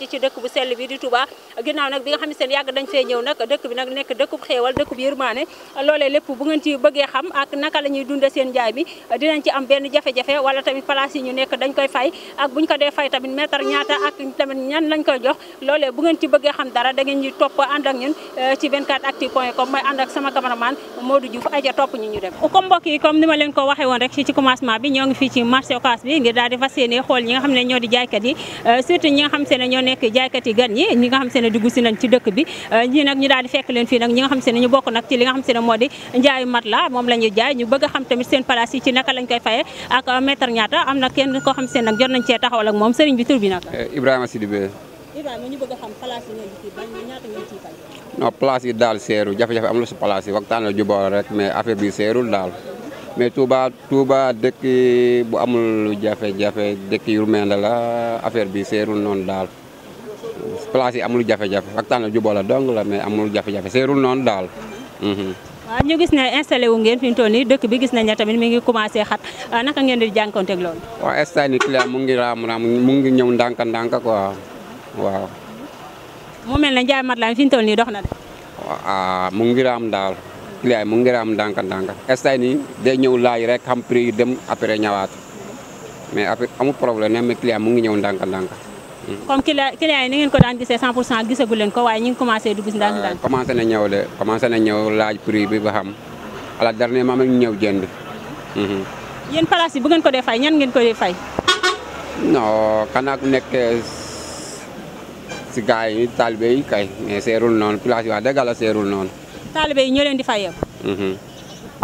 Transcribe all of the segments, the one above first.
wàcc ci dëkk bu sell bi di Touba ginnaaw nag bi nga xam seen yàgg dañ fee ñëw nag dëkk bi nag nekk dëkkub xéewal dëkkub yërmaane bu ngeen ci bëggee xam ak naka ci bëggee xam dara da ngeen topp ànd ñun eh, ci 24actu point com mooy ànd ak sama cameraman Modou Diouf aja topp ñu ñu dem comme mbokk yi comme ni ma leen ko waxee rek ci ci bi ñoo ngi fii ci marché Ocass bi ngir daal di fas xool ñi nga xam ne ñoo di jaaykat yi eh, surtout ñi nga xam ne nekk jaaykati gan ñi ñi nga xam se ne dugg si nañ ci dëkk bi euh, ñii nag ñi daal di fekk leen fi nag ñi nga xam se ne ñu bokk nag ci li nga xam se ne di njaayu mat la moom la ñuy jaay ñu bëgg a xam tamit seen place yi ci naka lañ koy faye ak euh, mètre ñaata am na kenn koo xam se ne nag jot nañ cee taxawal ak moom sëriñ bi tur bi nag euh, Ibrahima Sidibé Ibrahima ñu bëgg a xam place yi ngeen di daal seeru jafe-jafe am la si place yi waxtaan la juboo rek mais affaire bi seerul daal mais Touba Touba dëkk bu amul jafe-jafe dëkk yu la affaire bi seerul noonu daal place amul jafe-jafe waxtaan la jubóo la dong mais amul jafe-jafe seerul noonu daal. Mhm. waaw ñu gis ne installé wu ngeen fi mu toll nii dëkk bi gis nañ ne tamit mi ngi commencé xat ah, naka ngeen di jànkonteeg loolu. waaw instant ni client mu ngi raam raam mu ngi ñëw ndànk ndànk quoi waaw. mel ne Ndiaye Madelane fi mu nii dox na de. Ah, mu ngi raam daal client mu ngi raam ndànk ndànk instant nii day ñëw laaj rek xam prix yi dem après ñëwaat mais après amul problème mais client mu ngi ñëw ndànk ndànk. comme client yi ni ngeen ko daan gisee 100 pour cent gisagu leen ko waaye ñu ngi commencé dugg si ndànk-ndànk commencé na ñëw de commencé na ñëw laaj prix bi ba xam à la dernière moment ñu ñëw jënd mhm. yéen place yi bu ngeen ko dee fay ñan ngeen ko dee fay non xanaa ku nekk si gars yi taalibe yi kay mais seerul noon place yi wax dëgg la seerul noon taalibe yi ñoo di fayee ko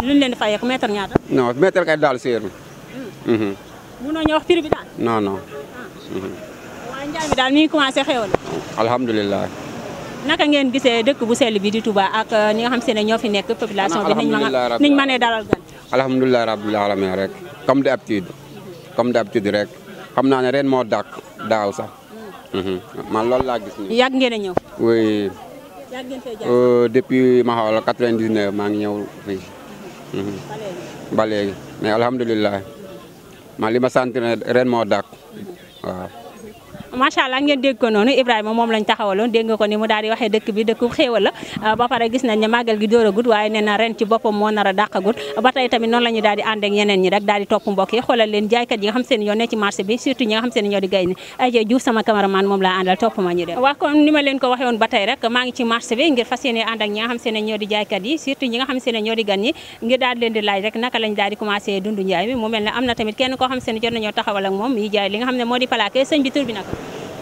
lu ñu leen di fayee mhm. ko mètre ñaata non mètre kay daal seerul mënoo hmm. mhm. ñoo wax prix bi daal non non ah. courant bi daal mi ngi commencé xéwal. naka ngeen gisee dëkk bu sell bi di Touba ak euh, ñi xam se ne ñoo fi nekk population bi niñ ma niñ mënee dalal gan. alhamdulilah rabbil alamin rek comme d'habitude comme rek xam naa ne ren moo dàq daaw sax mhm. man loolu laa gis. yàgg ngeen a ñëw. oui. Euh, depuis ma xool maa ngi ñëw fii. Mhm. ba léegi mais alhamdulilah li ma sant ren moo dàq macha allah ngeen dégg ko noonu Ibrahima moom lañ taxawaloon dégg nga ko ni mu daal di waxee dëkk bi dëkku xéewal la ah, ba pare gis nañ ne màggal gi dóoragut waaye nee na ren ci boppam moo nar a dàqagut ba tey tamit noonu la ñu daal yeneen ñi rek daal topp mbokk yi xoolal leen jaaykat yi nga ñi nga xam seen ñoo di gay ni yi surtout ñi nga xam seen ñoo di gan ñi ngir daal leen di laaj rek naka lañ daal di dundu njaay mi mu mel ne am na tamit kenn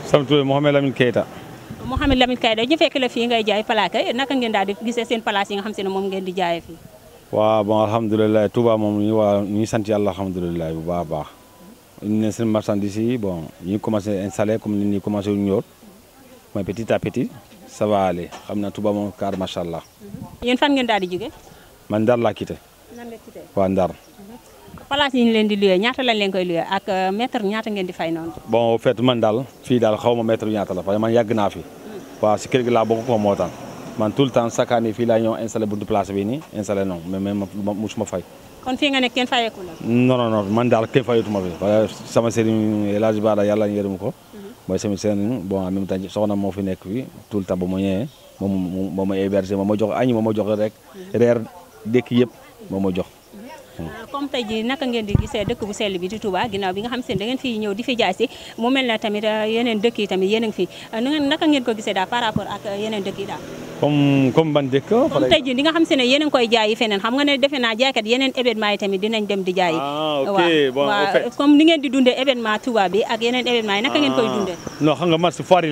sama tur Mouhamed Lamine Keita Mouhamed Lamine Keita ñu fekk la fii ngay jaay palaaka naka ngeen daal di seen palaas yi nga xam se ne moom ngeen di jaayee fii waaw bon alhamdulilah Touba moom ñu waa ñu ngi sant yàlla alhamdulilah bu baax a baax seen marchandise yi bon ñu commencé installé comme ni ñu commencé wu ñor mooy petit à petit ça va xam naa Touba moom kaar macha allah. yéen fan ngeen daal di jóge man Ndar laa quitté. nan nga Ndar. place yi leen di luyee ñaata lañ leen koy luyee ak euh, mètre ñaata ngeen di fay noonu. bon fait man daal fii daal xaw ma mètre ñaata la fay man yàgg naa fi waaw si kër gi laa bokk moo tax man tout le temps chaque année fii laa ñëw installé buntu place bi nii installé non mais mais ma fay. kon fi sama sëriñ El Hadj Bara yàlla ko. Mhm. mooy sama sëriñ bon en même temps soxna moo fi nekk fii tout le temps ba mu ñëwee moo ma héberger moo ma jox añ moo ma jox rek mhm. reer dëkk yëpp ma jox. Mm. Euh, comme tey ji naka ngeen di gisee dëkk bu sell bi di Touba ginnaaw bi nga xam seen da ngeen fi ñëw di fi jaay si mu mel na tamit euh, yeneen dëkk yi tamit yéen a ngi fi euh, naka ngeen ko gisee daal par rapport ak yeneen dëkk daal comme comme dëkk comme tey ji nga xam se ne yéen a ngi koy jaay yi feneen xam nga ne defe naa jaaykat yeneen événement yi tamit dinañ dem di jaay ah, waaw waaw comme ni ngeen di dundee événement Touba bi ak yeneen événement yi naka ngeen koy ah. dundee non xam nga marché foire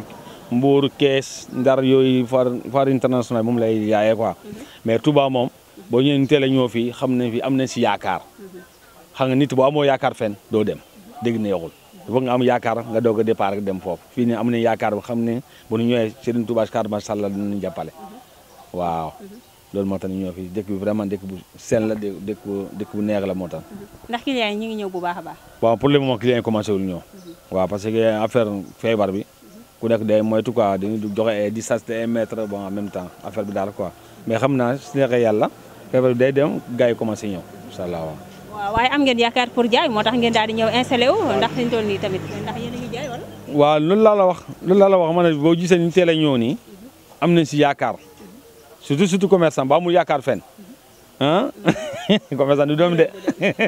yi mbuur kees ndar yooyu foire foire internationale moom lay yaayee quoi mhm. mais Touba moom boo ñëwee teel a ñëw fii xam ne fi am na si yaakaar mhm. xam nga nit boo amoo yaakaar fen doo dem dégg na yoxul dafa nga am yaakaar nga doog a départ ak dem foofu fii ne am na yaakaar ba xam ne bu ñu ñëwee Serigne Touba Kadimal Sall dinañu jàppale mhm. waaw loolu moo tax ñu ñëw fii dëkk bi vraiment dëkk bu seen la dëkk dëkk bu neex la moo tax. ndax client yi ñu ngi ñëw bu baax a baax. waaw pour moo moment client yi commencé wul ñëw. waaw parce que affaire feebar bi. ku nekk mooy moytu quoi dañuy joxe ay distance ay mètres bon en même temps affaire bi daal quoi mais xam naa su neexee yàlla feebar bi day dem gars yi commencé ñëw incha allah waaw. waaw waaye pour jaay moo tax ngeen daal di ñëw installé ndax fi ñu toll tamit ndax yéen waaw loolu laa la wax loolu laa la wax ma ne boo gisee ñu teel a ñëw nii am nañ si yaakaar surtout surtout commerçant ba amul yaakaar fenn ah commerçant du dem de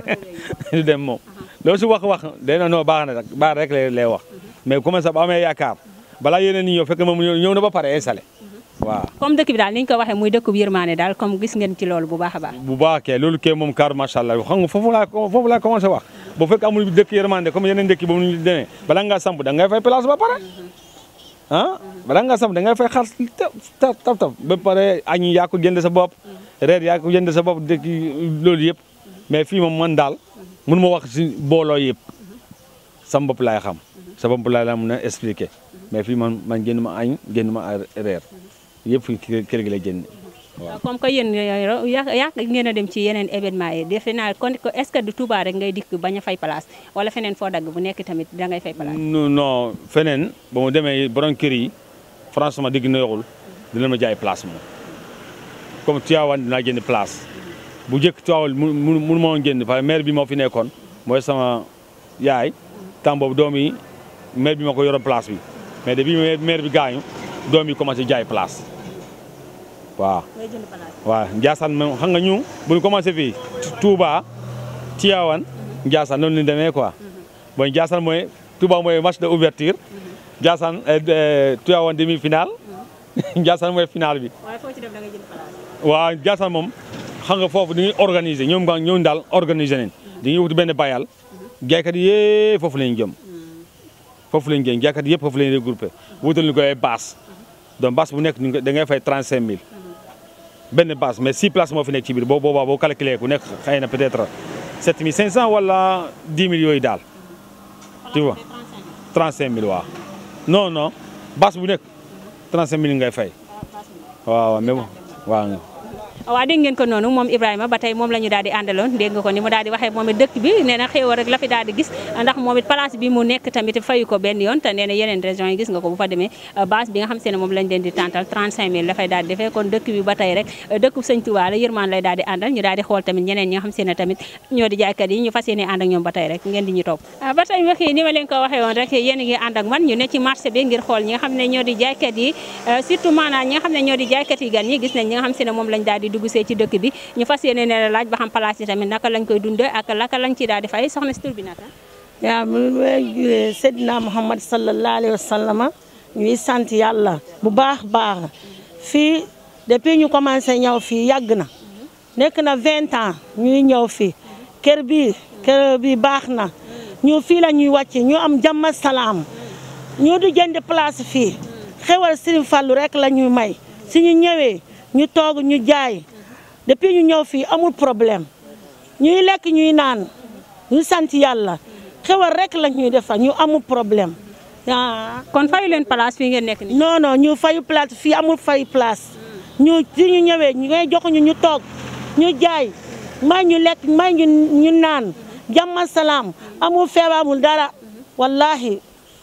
du dem moom. loolu si wax wax day na noo baax na rek baax lay wax mhm. mais commerçant ba amee yakaar balaa yeneen ñi ñëw fekk moom ñëw na ba pare installé mhm. waaw comme dëkk bi daal ni ñu ko waxee muy dëkk bu yërmaane daal comme gis ngeen ci loolu bu baax a baax bu baax kay loolu kay moom kaar macha allah xam nga foofu laa foofu laa commencé wax bu fekk amul dëkk yërmaande comme yeneen dëkk ba mu demee balaa ngaa samp da ngay fay place ba pare mhm. ah balaa ngaa samp da ngay fay xaar taf taf taf ba pare añ yaa jënd sa bopp mhm. reer yaa ko jënd sa bopp dëkk loolu yëpp mais fii moom man daal mun ma wax si booloo yëpp sama laay xam sabab bu laa laa mun a mais fii man man ma añ génn ma reer yëpp fii kër gi la génn waaw ah, comme que yéen yàq ngeen a dem ci yeneen événement yi naa kon est ce que du Touba rek ngay dikk bañ a fay place wala feneen foo dagg bu nekk tamit da ngay fay place. non feneen ba demee borom kër yi franchement digg na yoxul dina ma jaay place moom comme Tivaouane dinaa génn place bu njëkk Tivaouane mu mu mënu ma woon génn parce que bi moo fi nekkoon mooy sama yaay temps boobu maire bi ma ko yoroon place bi mais depuis maire bi gaañu doom yi commencé jaay place waaw. ngay waaw Ndiassane moom xam nga ñu bu ñu commencé fii Touba Tivaouane Ndiassane noonu la ñu quoi mhm. bon Ndiassane mooy Touba mooy match de ouverture mhm. Ndiassane eh, eh, Tivaouane demi finale mhm. Ndiassane finale bi. waaw Ndiassane moom xam nga foofu dañuy organiser ñoom ñoom daal organiser nañ dañuy wut benn bayal jaaykat yi yee foofu lañ jëm. foofu lañ génn jàkkaat yëpp foofu lañ regroupé wutal ñu ko ay baas donc baas bu nekk ñu da ngay fay 35000 benn baas mais 6 places moo fi nekk ci biir boo boobaa boo calculé ku nekk xëy na peut-être 7500 wala 10000 yooyu daal tu vois 35000 waaw non non baas bu nekk 35000 ngay fay ah, waaw mais waaw waaw dégg ngeen ko noonu moom Ibrahima ba tey moom la ñu daal di nga ko ni mu daal waxee moom dëkk bi nee na rek la fi gis ndax moom it place bi mu nekk tamit fayu ko benn yoon te euh, defee kon dëkk bi ba tey rek euh, dëkku sëñ Tuubaa la lay daal di ñu daal xool tamit ñeneen ñi nga xam tamit ñoo di jaaykat yi ñu fas yéene ànd ñoom ba tey rek ngeen di ñu topp ah, ba tey wax ni ma leen ko waxee woon rek yéen a man ñu dugg see ci dëkk bi ñu fas yéene laaj ba xam place yi tamit naka lañ koy dundee ak naka lañ ciy daal di fay soxna si tur bi naka. waaw man maa ngi jullee Seydina Muhammad sallallahu ñuy sant yàlla bu baax baax fii depuis ñu commencé ñëw fii yàgg na nekk na vingt ans ñuy ñëw fii kër bi kër bi baax na ñu fii la ñuy wàcc ñu am jàmm salaam ñu du jënd place fii xewal Serigne Fallou rek la ñuy may suñu ñëwee. ñu toog ñu jaay depuis ñu ñëw fii amul problème ñuy lekk ñuy naan ñu sant yàlla xewal rek la ñuy defar ñu amul problème. Ah. kon fayu leen place fii ngeen nekk ni non non ñu fayu place fii amul fayu place ñu si ñu ñëwee ñu ngay jox ñu toog ñu jaay may ñu lekk may ñu ñu naan jàmm salaam amul feebar amul dara wallaahi.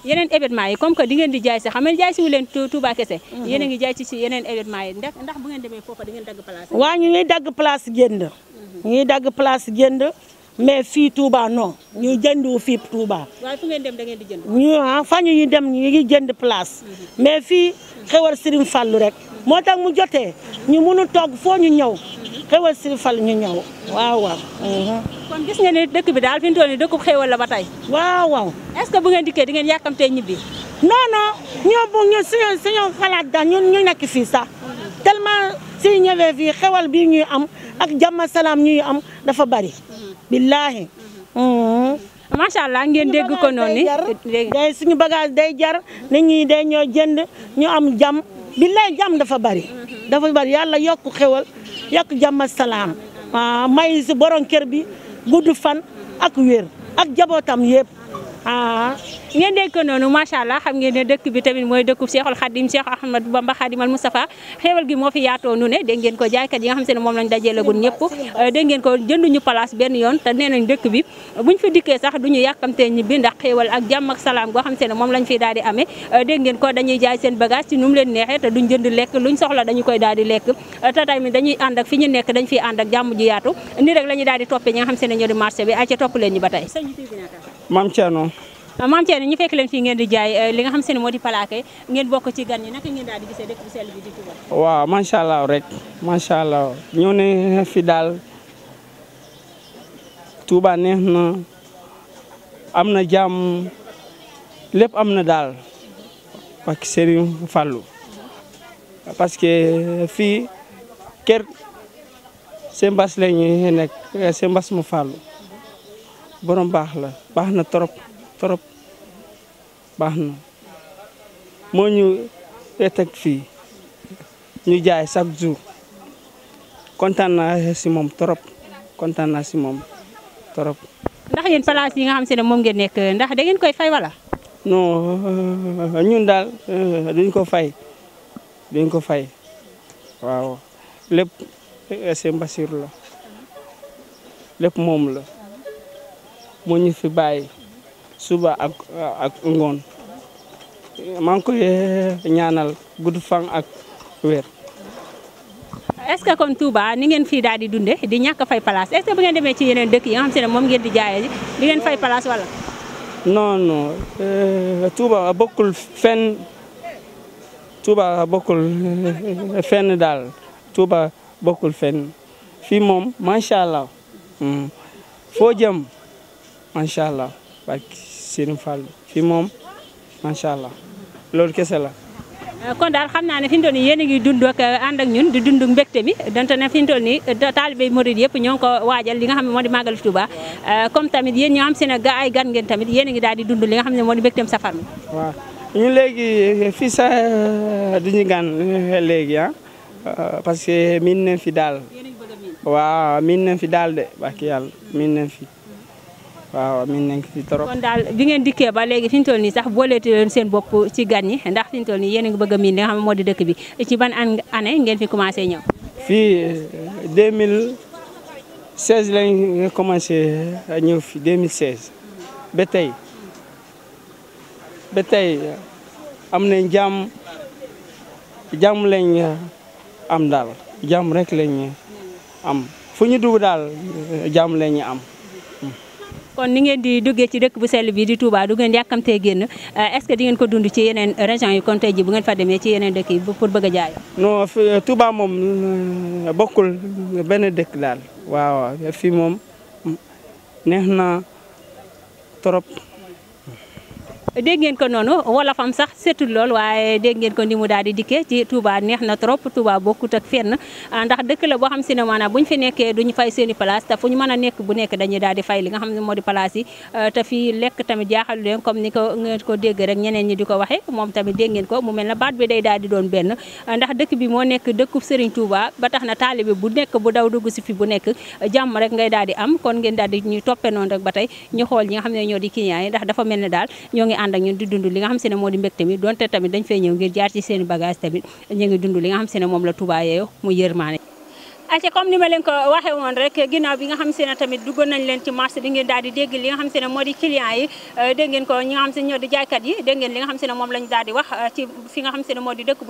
yeneen événement yi comme que di ngeen di jaay si xam jaay si wu leen Touba kese mhm. yéen a ngi jaay ci si yeneen événement yi ndax ndax bu ngeen demee foofa di ngeen dagg place waaw ñu ngi dagg place jënd mhm. ñu ngi dagg place jënd mais fii Touba non ñu jëndu fii Touba waaw fu ngeen dem da ngeen di jënd ñu ah, fa ñu dem ñu ngi jënd place mhm. mais fii xewar Serigne Fallou rek moo tax mu jotee ñu mënu toog foo ñu ñaw xewal si fal ñu ñëw waaw waaw. Uh-huh. kon gis nga ni dëkk bi daal fi mu toll la ba tey. waaw waaw. est-ce que bu ngeen dikkee di ngeen yàkkamtee ñibbi. non non ñoo bu ñu suñu daal ñun ñu nekk fii sax tellement si ñëwee fii xewal bi ñuy am ak jàmm salaam ñuy am dafa bari. Mm-hmm. billaahi. Mm-hmm. Mm-hmm. macha allah ngeen dégg ko noonu day suñu bagage day jar nit ñi day ñoo jënd ñu am jàmm billaahi jàmm dafa bari. dafa bari yàlla yokk xewal. yàq jàmm salaam ah, may si borom kër bi gudd fan ak wér ak jabootam yëpp. Ah. ngeen dégg ko noonu macha allah xam ngeen ne bi tamit mooy dëkkub Cheikhul Khadim Cheikh Ahmadou Bamba Khadimal Moustapha xéewal gi moo fi yaatoo ne dégg ko jaaykat yi nga xam se ne moom lañ dajaleegul ñëpp euh, dégg ngeen ko jënduñu place benn yoon te nee nañ dëkk bi buñ fi dikkee sax duñu yàkkamtee ñibbi ndax xéewal ak jàmm ak salaam goo xam se ne moom lañ fiy daal di amee euh, dégg ngeen ko dañuy jaay seen bagage ci nu leen neexee te duñ jënd lekk luñ soxla dañu koy daal di lekk euh, te tamit dañuy ànd ak fi ñu nekk dañ fiy ànd ak jàmm ji yaatu ni rek la ñuy daal di toppee ñi nga xam se ne ñoo di marché bi ay ca topp maam Thierno ñu fekk leen fii ngeen di jaay euh, li nga xam seen moo di palaake ngeen bokk ci gan ni naka ngeen daal di gisee dëkk bu bi di Touba. waaw macha allah rek macha allah ñëw ne fi daal Touba neex na am na jàmm lépp am na daal ak Serigne Fallou parce que fii kër seen bas la ñuy nekk seen bas mu Fallou borom baax la baax na trop trop baax na moo ñu teg fii ñu jaay chaque jour kontaan naa moom trop kontaan naa si moom torop ndax yéen place yi nga xam si ne moom ngeen nekk ndax da ngeen koy fay wala. non ñun daal euh, duñ ko fay duñ ko fay waaw lépp seen Basiru la lépp moom la moo fi bàyyi. suba ak ak ngoon maa ngi koy eh, ñaanal gudd fan ak wér. est-ce que comme Touba ni ngeen fii daal di dunde di ñàkk fay place est-ce ngeen demee ci yeneen dëkk yi nga xam ne moom ngeen di jaayee di ngeen fay place wala. non non eh, Touba bokkul fenn tuuba bokkul eh, fenn daal Touba bokkul fenn fii moom macha allah hmm. foo jëm macha allah. barke Serigne Fall fi moom macha allah loolu kese la. Euh, kon daal xam naa ne fi mu toll nii yéen a ngi dund ak euh, ànd ak ñun di dund mbégte mi donte ne fi mu toll nii euh, taalibe murid yëpp ñoo ngi ko waajal li nga xam ne moo di màggal Touba comme tamit yéen ñoo am seen gaa ay tamit yéen ngi daal di dund li nga xam ne moo di mbégteem safar mi. waaw ñun léegi fii sax ñu gan léegi ah parce que miin nañ fi daal. waaw miin nañ fi daal de barke yàlla miin nañ fi. waaw amiin nañ ci trop. daal bi ngeen dikkee ba léegi fi ñu toll nii sax booleeti leen seen bopp ci gan ñi ndax fi ñu ni nii yéen a ngi bëgg a miin li moo di dëkk bi ci ban an année ngeen fi commencé ñëw. fii 2016 lañ commencé ñëw fi 2016 ba tey ba tey am nañ jàmm jàmm lañ am daal jàmm rek lañ am fu ñu dugg daal jàmm lañ am. kon ni geen di duggee ci dëkk bu sell bi di Touba du ngeen yàkkamtee génn euh, est-ce que di ngeen ko dund ci yeneen régions yi kon tey ji bu ngeen fa demee ci yeneen dëkk yi pour bëgg a jaay non euh, Touba euh, benn dëkk daal waaw fii moom mm, na trop dégg ngeen ko noonu wolofam sax setul lool waaye dégg ko ni mu daal di dikkee ci Touba neex na trop Touba bokkut ak fenn ah, ndax dëkk la boo xam si ne maanaam bu ñu fi nekkee duñu fay seen i place mën nekk bu nekk daal di fay li nga xam ne moo di place yi ah, te fii lekk tamit jaaxalu leen comme ni ko ngeen ko dégg rek ñeneen ñi di ko waxee moom tamit dégg ngeen ko mu mel na baat bi day daal di doon benn ah, ndax dëkk bi moo nekk dëkku Serigne Touba ba tax na taalibe bu nekk bu daw dugg si fi bu nekk jàmm rek ngay daal di am kon ngeen daal di ñu toppee noonu rek ba tey ñu xool ñi nga xam ne ñoo di client yi ndax dafa mel ne daal ànd ak ñun di dund li nga xam si ne moo di mbégte mi donte tamit dañ fay ñëw ngir jaar ci seen bagage tamit ñu ngi dund li nga xam si ne moom la Touba yeeyo mu yërmaane aca comme ni ma leen ko waxee woon rek ginnaaw bi nga xam se ne tamit duggoon nañ leen ci marché bi ngeen daal di dégg li nga xam se ne moo di client yi euh, dégg ngeen ko ñi nga xam se ne ñoo di jaaykat yi dégg ngeen li nga moom lañu daal wax euh, fi nga xam se ne moo di dëkk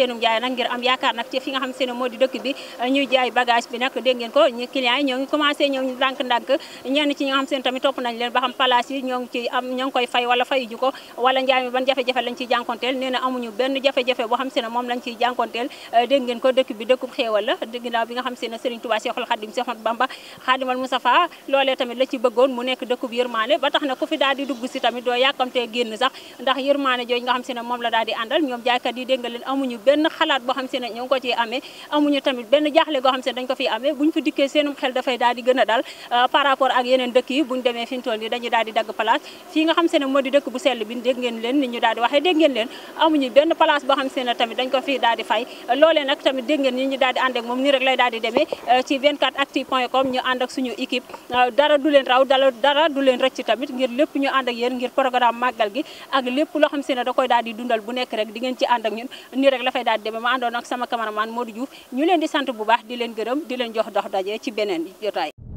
bi yaakaar nag ci nga xam moo di dëkk bi ñuy jaay bagage bi nag dégg ngeen ko ñi client yi ñoo ngi commencé ñoo ngi ndànk-ndànk ñenn ci ñi nga xam se ne tamit topp nañ leen ba xam place yi ñoo ngi ci am koy fay wala fayu ñu ko njaay mi ban jafe-jafe lañ ciy jànkonteel nee na amuñu benn jafe-jafe boo xam se ne moom lañ ciy jànkonteel euh, dégg ngeen gëm ko dëkk bi dëkkub xéewal la ginnaaw bi nga xam se ne Serigne Touba Cheikhul Khadim Cheikh Bamba Khadimal Moustapha loolee tamit la ci bëggoon mu nekk dëkkub yërmaane ba tax na ku fi daal gën a dal euh, par rapport ak yeneen dëkk yi buñ demee fi ñu toll nii dagg place fii nga xam se ne di dëkk bu sell bi dégg leen nit ñu daal di waxee dégg ngeen leen benn place boo xam se ne tamit dañ ko fi daal fay loolee nag tamit dégg ngeen ñi ñu daal di ànd ak moom nii rek lay daal di demee euh, ci 24actu point com ñu ànd suñu équipe euh, dara du leen raw dala dara du leen rëcc tamit ngir lépp ñu ànd ak yéen ngir programme màggal gi ak lépp loo xam si ne da koy daal di dundal bu nekk rek di ngeen ci ànd ak ñun nii rek la fay daal di demee ma àndoon ak sama cameraman Modou Diouf ñu leen di sant bu baax di leen gërëm di leen jox dox daje ci beneen jotaay